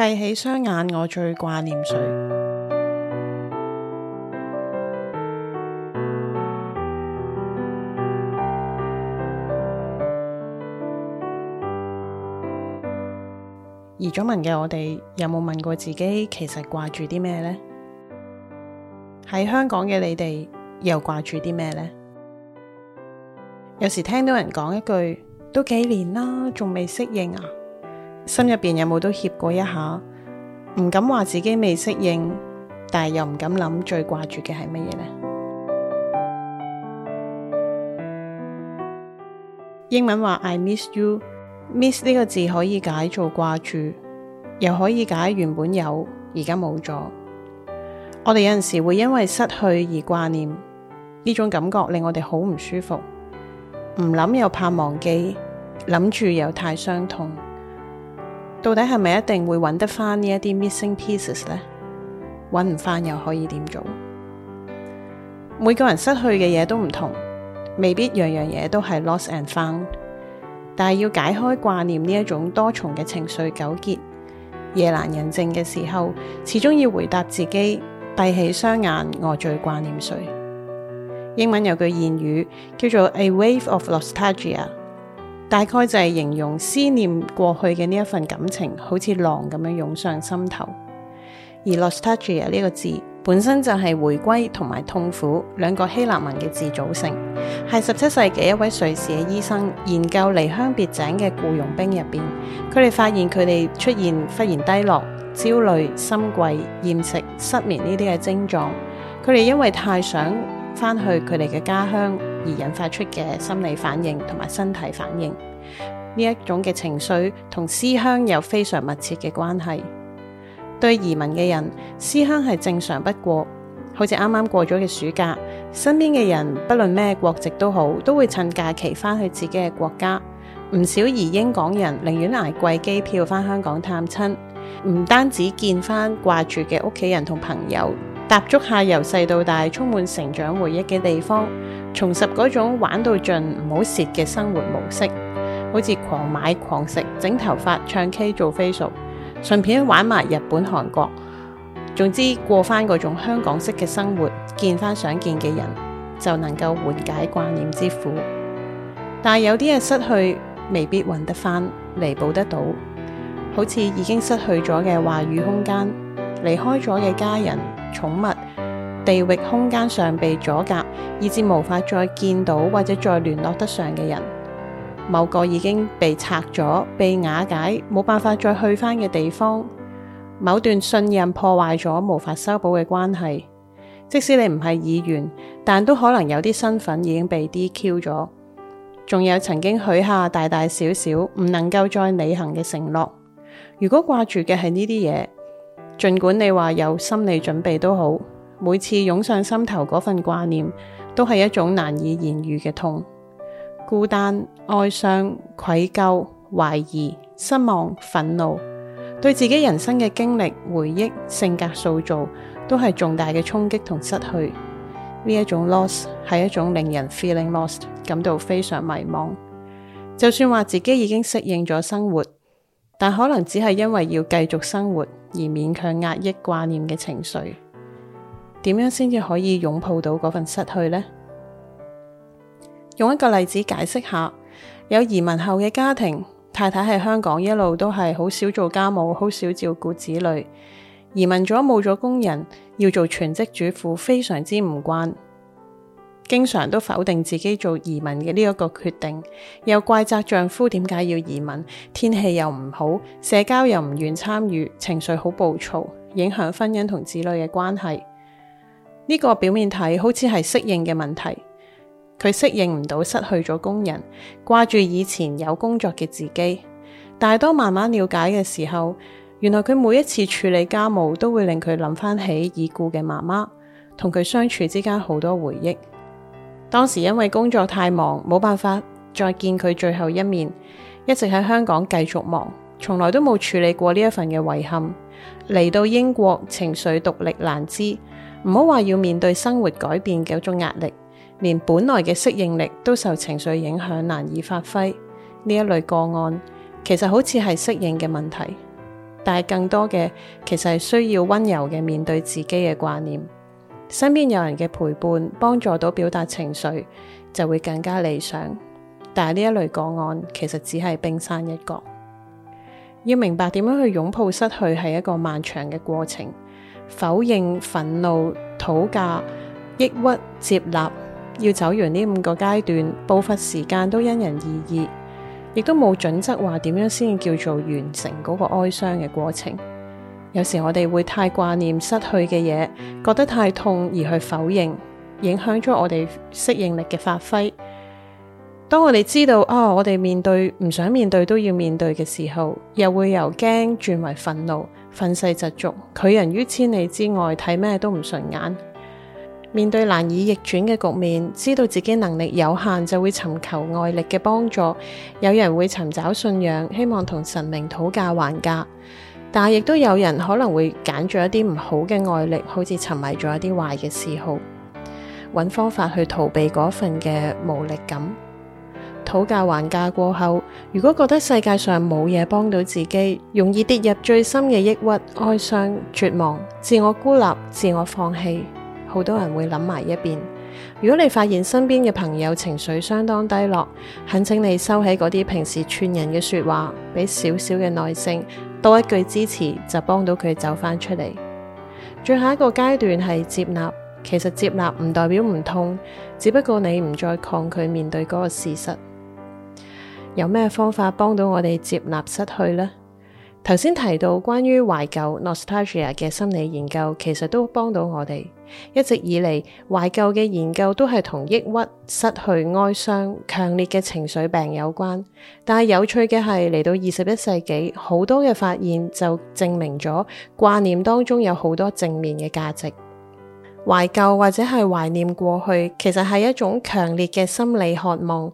閉起雙眼，我最掛念誰？移咗民嘅我哋有冇問過自己，其實掛住啲咩呢？喺香港嘅你哋又掛住啲咩呢？有時聽到人講一句，都幾年啦，仲未適應啊？心入面有冇都怯過一下？唔敢話自己未適應，但係又唔敢諗最掛住嘅係乜嘢呢？ 英文話 I miss you，miss 呢個字可以解做掛住，又可以解原本有而家冇咗。我哋有陣時會因為失去而掛念呢種感覺，令我哋好唔舒服。唔諗又怕忘記，諗住又太傷痛。到底係咪一定會揾得返呢一啲 missing pieces 呢？揾唔返又可以點做？每個人失去嘅嘢都唔同，未必樣樣嘢都係 lost and found。但係要解開掛念呢一種多重嘅情緒糾結，夜闌人靜嘅時候，始終要回答自己：閉起雙眼，我最掛念誰？英文有句諺語叫做 A wave of nostalgia 大概就係形容思念過去嘅呢一份感情，好似浪咁樣湧上心頭。而 nostalgia 呢個字本身就係回歸同埋痛苦兩個希臘文嘅字組成，係十七世紀一位瑞士嘅醫生研究離鄉別井嘅僱傭兵入邊，佢哋發現佢哋出現忽然低落、焦慮、心悸、厭食、失眠呢啲嘅症狀，佢哋因為太想。翻去佢哋嘅家鄉而引發出嘅心理反應同埋身體反應，呢一種嘅情緒同思鄉有非常密切嘅關係。對移民嘅人，思鄉係正常不過。好似啱啱過咗嘅暑假，身邊嘅人不論咩國籍都好，都會趁假期翻去自己嘅國家。唔少移英港人寧願捱貴機票翻香港探親，唔單止見翻掛住嘅屋企人同朋友，踏足下由細到大充滿成長回憶嘅地方，重拾嗰種玩到盡唔好蝕嘅生活模式，好似狂買狂食、整頭髮、唱 K、做 facial，順便玩埋日本、韓國，總之過翻嗰種香港式嘅生活，見翻想見嘅人，就能夠緩解掛念之苦。但有啲嘢，失去未必揾得翻嚟，彌補得到，好似已經失去咗嘅話語空間，離開咗嘅家人。寵物、地域空間上被阻隔，以致無法再見到或者再聯絡得上嘅人；某個已經被拆咗、被瓦解，冇辦法再去返嘅地方；某段信任破壞咗，無法修補嘅關係。即使你唔係議員，但都可能有啲身份已經被 DQ 咗。仲有曾經許下大大小小唔能夠再履行嘅承諾。如果掛住嘅係呢啲嘢，儘管你話有心理準備都好，每次湧上心頭嗰份掛念，都係一種難以言喻嘅痛。孤單、哀傷、愧疚、懷疑、失望、憤怒，對自己人生嘅經歷、回憶、性格塑造，都係重大嘅衝擊同失去。呢一種 loss 係一種令人 feeling lost，感到非常迷茫。就算話自己已經適應咗生活。但可能只係因為要繼續生活而勉強壓抑掛念嘅情緒，點樣先至可以擁抱到嗰份失去呢？用一個例子解釋下，有移民後嘅家庭太太喺香港一路都係好少做家務，好少照顧子女，移民咗冇咗工人，要做全職主婦，非常之唔慣。經常都否定自己做移民嘅呢一個決定，又怪責丈夫點解要移民，天氣又唔好，社交又唔願參與，情緒好暴躁，影響婚姻同子女嘅關係。呢個表面睇好似係適應嘅問題，佢適應唔到失去咗工人，掛住以前有工作嘅自己。但係當慢慢了解嘅時候，原來佢每一次處理家務都會令佢諗翻起已故嘅媽媽，同佢相處之間好多回憶。當時因為工作太忙，冇辦法再見佢最後一面，一直喺香港繼續忙，從來都冇處理過呢一份嘅遺憾。嚟到英國，情緒獨力難支，唔好話要面對生活改變嘅嗰種壓力，連本來嘅適應力都受情緒影響，難以發揮。呢一類個案，其實好似係適應嘅問題，但係更多嘅，其實係需要溫柔嘅面對自己嘅掛念。身邊有人嘅陪伴，幫助到表達情緒，就會更加理想。但係呢一類個案其實只係冰山一角。要明白點樣去擁抱失去係一個漫長嘅過程，否認、憤怒、討價、抑鬱、接納，要走完呢五個階段，步伐時間都因人而異，亦都冇準則話點樣先叫做完成嗰個哀傷嘅過程。有時我哋會太掛念失去嘅嘢，覺得太痛而去否認，影響咗我哋適應力嘅發揮。當我哋知道啊、哦，我哋面對唔想面對都要面對嘅時候，又會由驚轉為憤怒，憤世嫉俗，拒人於千里之外，睇咩都唔順眼。面對難以逆轉嘅局面，知道自己能力有限，就會尋求外力嘅幫助。有人會尋找信仰，希望同神明討價還價。但係，亦都有人可能會揀咗一啲唔好嘅外力，好似沉迷咗一啲壞嘅嗜好，揾方法去逃避嗰份嘅無力感。討價還價過後，如果覺得世界上冇嘢幫到自己，容易跌入最深嘅抑鬱、哀傷、絕望、自我孤立、自我放棄，好多人會諗埋一邊。如果你發現身邊嘅朋友情緒相當低落，懇請你收起嗰啲平時串人嘅説話，俾少少嘅耐性。多一句支持就幫到佢走翻出嚟。最後一個階段係接納，其實接納唔代表唔痛，只不過你唔再抗拒面對嗰個事實。有咩方法幫到我哋接納失去呢？頭先提到關於懷舊 （nostalgia） 嘅心理研究，其實都幫到我哋。一直以嚟，懷舊嘅研究都係同抑鬱、失去、哀傷、強烈嘅情緒病有關。但係有趣嘅係，嚟到二十一世紀，好多嘅發現就證明咗，掛念當中有好多正面嘅價值。懷舊或者係懷念過去，其實係一種強烈嘅心理渴望。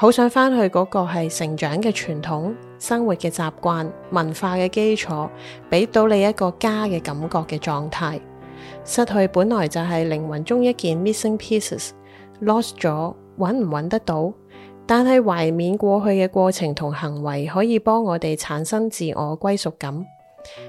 好想翻去嗰個係成長嘅傳統、生活嘅習慣、文化嘅基礎，俾到你一個家嘅感覺嘅狀態，失去本來就係靈魂中一件 missing pieces，lost 咗，揾唔揾得到？但係懷緬過去嘅過程同行為，可以幫我哋產生自我歸屬感。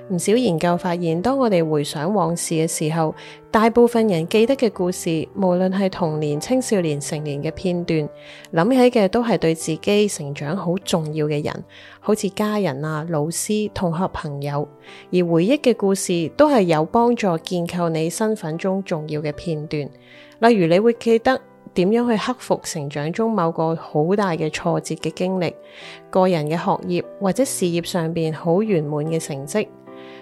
唔少研究發現，當我哋回想往事嘅時候，大部分人記得嘅故事，無論係童年、青少年、成年嘅片段，諗起嘅都係對自己成長好重要嘅人，好似家人啊、老師、同學、朋友，而回憶嘅故事都係有幫助建構你身份中重要嘅片段，例如你會記得。點樣去克服成長中某個好大嘅挫折嘅經歷，個人嘅學業或者事業上邊好圓滿嘅成績，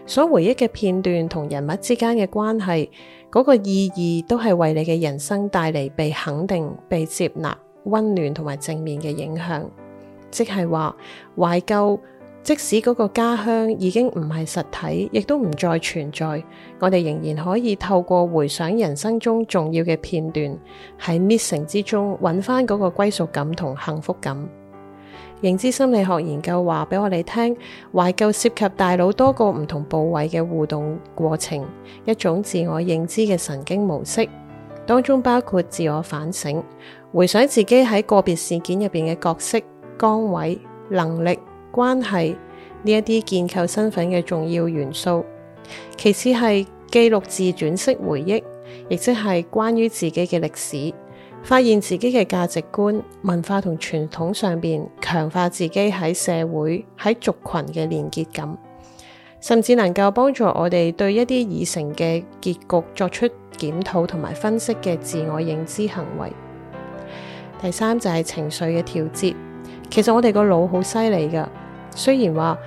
所回憶嘅片段同人物之間嘅關係，嗰個意義都係為你嘅人生帶嚟被肯定、被接納、溫暖同埋正面嘅影響。即係話懷舊。即使嗰個家鄉已經唔係實體，亦都唔再存在，我哋仍然可以透過回想人生中重要嘅片段，喺 missing 之中揾翻嗰個歸屬感同幸福感。認知心理學研究話俾我哋聽，懷舊涉及大腦多個唔同部位嘅互動過程，一種自我認知嘅神經模式當中包括自我反省、回想自己喺個別事件入邊嘅角色、崗位、能力。關係呢一啲建構身份嘅重要元素。其次係記錄自傳式回憶，亦即係關於自己嘅歷史，發現自己嘅價值觀、文化同傳統上邊，強化自己喺社會喺族群嘅連結感，甚至能夠幫助我哋對一啲已成嘅結局作出檢討同埋分析嘅自我認知行為。第三就係、是、情緒嘅調節。其實我哋個腦好犀利㗎。雖然話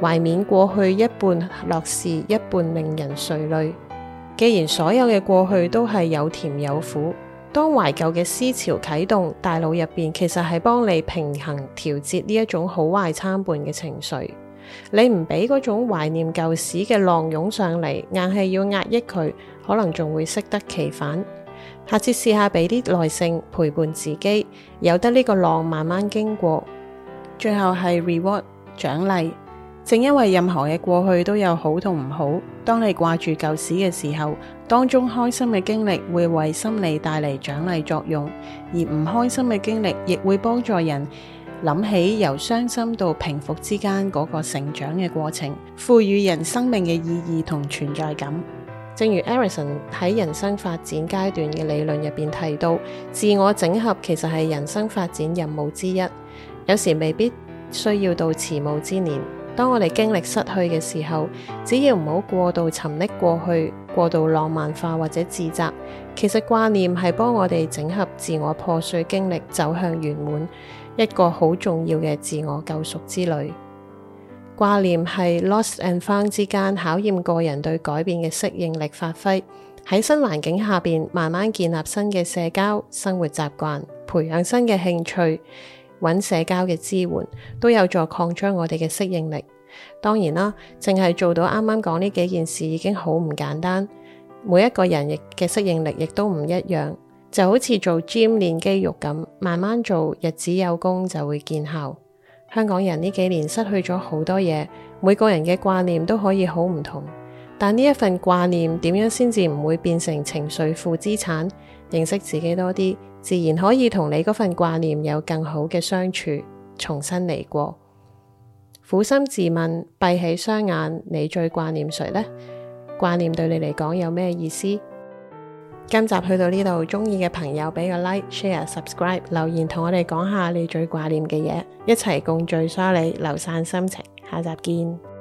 懷緬過去一半樂事，一半令人垂淚。既然所有嘅過去都係有甜有苦，當懷舊嘅思潮啟動，大腦入邊其實係幫你平衡調節呢一種好壞參半嘅情緒。你唔俾嗰種懷念舊時嘅浪湧上嚟，硬係要壓抑佢，可能仲會適得其反。下次試下俾啲耐性陪伴自己，由得呢個浪慢慢經過。最後係 reward。獎勵，正因為任何嘅過去都有好同唔好，當你掛住舊事嘅時候，當中開心嘅經歷會為心理帶嚟獎勵作用，而唔開心嘅經歷亦會幫助人諗起由傷心到平復之間嗰個成長嘅過程，賦予人生命嘅意義同存在感。正如 Erikson 喺人生發展階段嘅理論入邊提到，自我整合其實係人生發展任務之一，有時未必。需要到遲暮之年。當我哋經歷失去嘅時候，只要唔好過度沉溺過去，過度浪漫化或者自責。其實掛念係幫我哋整合自我破碎經歷，走向圓滿，一個好重要嘅自我救贖之旅。掛念係 lost and found 之間考驗個人對改變嘅適應力發揮。喺新環境下邊，慢慢建立新嘅社交生活習慣，培養新嘅興趣。搵社交嘅支援都有助擴張我哋嘅適應力。當然啦，淨係做到啱啱講呢幾件事已經好唔簡單。每一個人亦嘅適應力亦都唔一樣，就好似做 gym 練肌肉咁，慢慢做，日子有功就會見效。香港人呢幾年失去咗好多嘢，每個人嘅掛念都可以好唔同。但呢一份掛念點樣先至唔會變成情緒負資產？認識自己多啲。自然可以同你嗰份掛念有更好嘅相處，重新嚟過。苦心自問，閉起雙眼，你最掛念誰呢？掛念對你嚟講有咩意思？今集去到呢度，鍾意嘅朋友畀個 like、share、subscribe，留言同我哋講下你最掛念嘅嘢，一齊共聚梳理，留散心情。下集見。